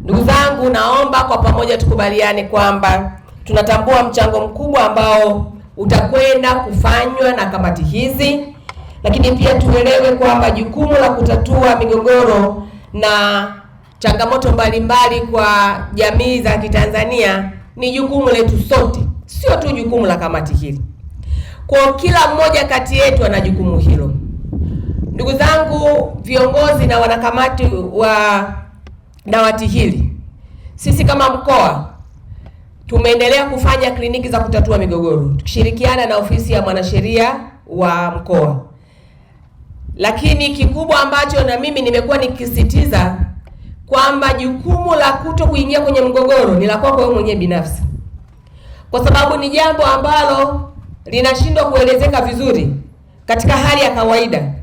Ndugu zangu, naomba kwa pamoja tukubaliane kwamba tunatambua mchango mkubwa ambao utakwenda kufanywa na kamati hizi, lakini pia tuelewe kwamba jukumu la kutatua migogoro na changamoto mbalimbali kwa jamii za Kitanzania ni jukumu letu sote, sio tu jukumu la kamati hili. Kwa kila mmoja kati yetu ana jukumu hilo. Ndugu zangu, viongozi na wanakamati wa dawati hili, sisi kama mkoa tumeendelea kufanya kliniki za kutatua migogoro tukishirikiana na ofisi ya mwanasheria wa mkoa, lakini kikubwa ambacho na mimi nimekuwa nikisisitiza kwamba jukumu la kuto kuingia kwenye mgogoro ni la kwako wewe mwenyewe binafsi, kwa sababu ni jambo ambalo linashindwa kuelezeka vizuri katika hali ya kawaida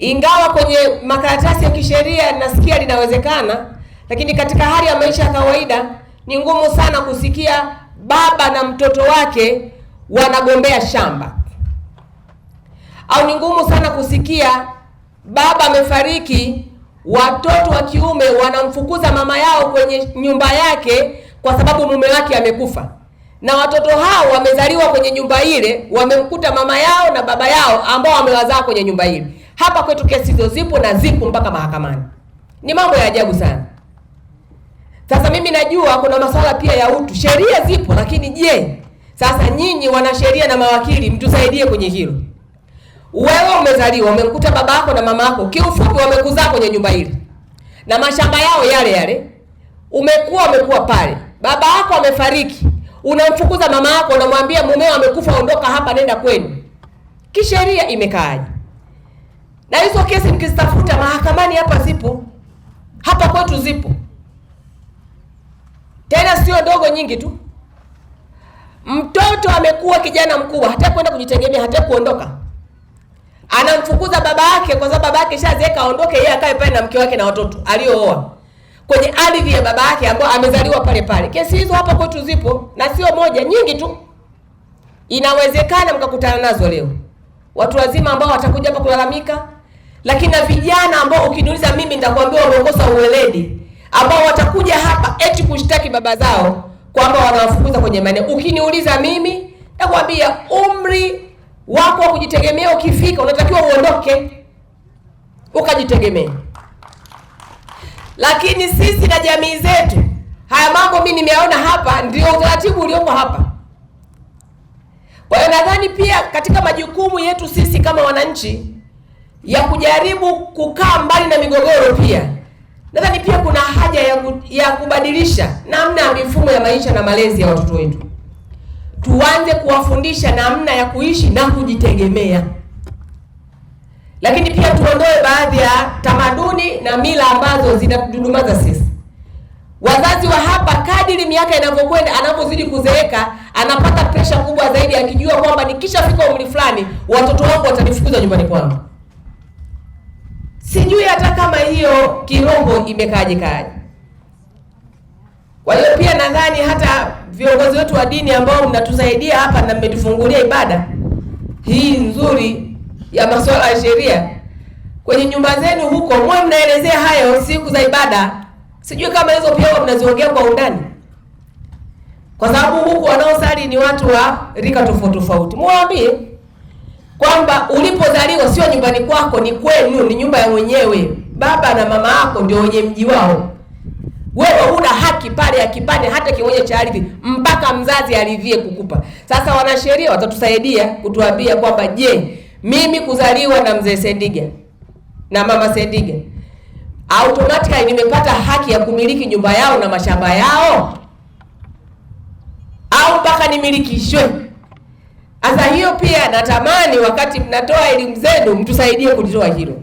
ingawa kwenye makaratasi ya kisheria nasikia linawezekana, lakini katika hali ya maisha ya kawaida ni ngumu sana kusikia baba na mtoto wake wanagombea shamba, au ni ngumu sana kusikia baba amefariki, watoto wa kiume wanamfukuza mama yao kwenye nyumba yake kwa sababu mume wake amekufa, na watoto hao wamezaliwa kwenye nyumba ile, wamemkuta mama yao na baba yao ambao wamewazaa kwenye nyumba ile. Hapa kwetu kesi hizo zipo na zipo mpaka mahakamani. Ni mambo ya ajabu sana. Sasa mimi najua kuna masuala pia ya utu, sheria zipo, lakini je, sasa nyinyi wanasheria na mawakili mtusaidie kwenye hilo. Wewe umezaliwa, umemkuta baba yako na mama yako, kiufupi wamekuzaa kwenye nyumba hili na mashamba yao yale yale, umekuwa umekuwa pale, baba yako amefariki, unamfukuza mama yako, unamwambia mumeo amekufa, ondoka hapa, nenda kwenu. Kisheria imekaaje? na hizo kesi mkizitafuta mahakamani, hapa zipo, hapa kwetu zipo, tena sio ndogo, nyingi tu. Mtoto amekuwa kijana mkubwa, hataki kwenda kujitegemea, hataki kuondoka, anamfukuza baba yake kwa sababu baba yake shazeeka, aondoke yeye akae pale na mke wake na watoto aliooa kwenye ardhi ya baba yake ambao amezaliwa pale pale. Kesi hizo hapa kwetu zipo, na sio moja, nyingi tu. Inawezekana mkakutana nazo leo, watu wazima ambao watakuja hapa kulalamika lakini na vijana ambao ukiniuliza mimi nitakwambia wamekosa uweledi, ambao watakuja hapa eti kushtaki baba zao kwamba wanawafukuza kwenye maeneo. Ukiniuliza mimi nakwambia umri wako wa kujitegemea ukifika, unatakiwa uondoke ukajitegemea. Lakini sisi na jamii zetu, haya mambo mimi nimeona hapa, ndio utaratibu uliopo hapa. Kwa hiyo nadhani pia katika majukumu yetu sisi kama wananchi ya kujaribu kukaa mbali na migogoro. Pia nadhani pia kuna haja ya, ku, ya kubadilisha namna ya mifumo ya maisha na malezi ya watoto wetu. Tuanze kuwafundisha namna ya kuishi na kujitegemea, lakini pia tuondoe baadhi ya tamaduni na mila ambazo zinatudumaza sisi wazazi wa hapa. Kadiri miaka inavyokwenda, anapozidi kuzeeka, anapata presha kubwa zaidi, akijua kwamba nikishafika umri fulani watoto wangu watanifukuza nyumbani kwangu. Sijui hata kama hiyo kirongo imekaje kaje. Kwa hiyo pia nadhani hata viongozi wetu wa dini ambao mnatusaidia hapa na mmetufungulia ibada hii nzuri ya masuala ya sheria kwenye nyumba zenu huko, mwe mnaelezea hayo siku za ibada. Sijui kama hizo pia mnaziongea kwa undani, kwa sababu huku wanaosali ni watu wa rika tofauti tofauti, muwaambie kwamba ulipozaliwa sio nyumbani kwako, ni kwenu, ni nyumba ya mwenyewe. Baba na mama yako ndio wenye mji wao. Wewe huna haki pale ya kipande hata kimoja cha ardhi mpaka mzazi aridhie kukupa. Sasa wanasheria watatusaidia kutuambia kwamba je, mimi kuzaliwa na mzee Sendiga na mama Sendiga automatically nimepata haki ya kumiliki nyumba yao na mashamba yao au mpaka nimilikishwe hasa hiyo pia natamani wakati mnatoa elimu zenu mtusaidie kulitoa hilo.